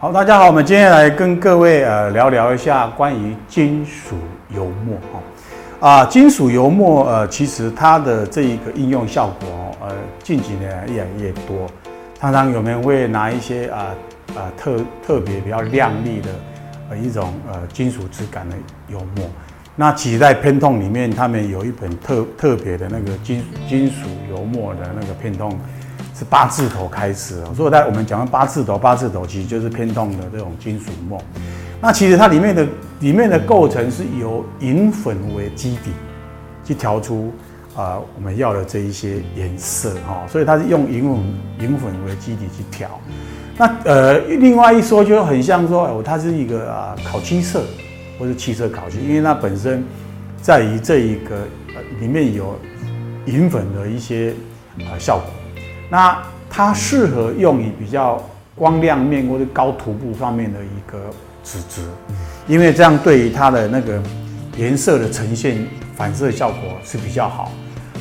好，大家好，我們今天來跟各位呃聊聊一下關於金屬油墨哈啊、呃，金屬油墨呃，其實它的這一個應用效果呃近幾年來越來越多，常常有人會拿一些啊啊、呃、特特別比較亮麗的、呃、一種呃金屬質感的油墨，那其實，在 Pantone 裡面，他們有一本特特別的那個金屬金屬油墨的那個 Pantone。是八字頭開始哦，所以在我們講的八字頭，八字頭其實就是偏重的這種金屬墨。那其實它裡面的裡面的構成是由銀粉為基底去調出啊、呃、我們要的這一些顏色哈，所以它是用銀粉銀粉為基底去調。那呃，另外一說就很像說，呃、它是一個啊、呃、烤漆色，或者汽車烤漆，因為它本身在於這一個、呃、裡面有銀粉的一些啊、呃、效果。那它適合用於比較光亮面或者高塗布方面的一個紙質，因為這樣對於它的那個顏色的呈現反射效果是比較好。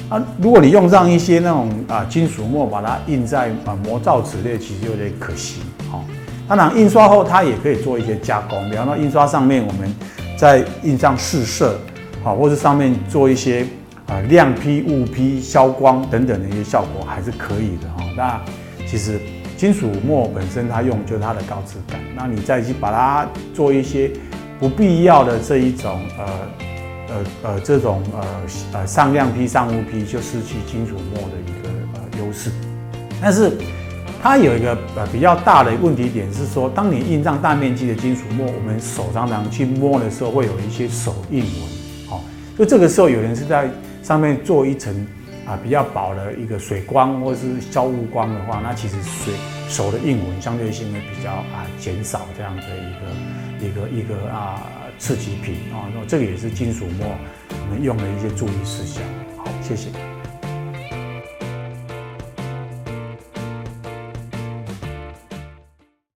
啊，如果你用上一些那種啊金屬墨把它印在啊模造紙類，其實有點可惜啊。當然印刷後它也可以做一些加工，比方說印刷上面我們再印上試色啊，或者上面做一些。啊、呃，亮 P、霧 P、消光等等的一些效果還是可以的哈、哦。那其實金屬墨本身它用就是它的高質感，那你再去把它做一些不必要的這一種呃呃呃這種呃呃上亮 P、上霧 P，就失去金屬墨的一個呃優勢。但是它有一個呃比較大的問題點是說，當你印上大面積的金屬墨，我們手常常去摸的時候會有一些手印紋，哦。就這個時候有人是在。上面做一層啊比較薄的一個水光或者是消霧光的話，那其實水手的印紋相對性會比較啊減少，這樣子的一個一個一個啊刺激品啊，那這個也是金屬墨，我們用的一些注意事項。好，謝謝。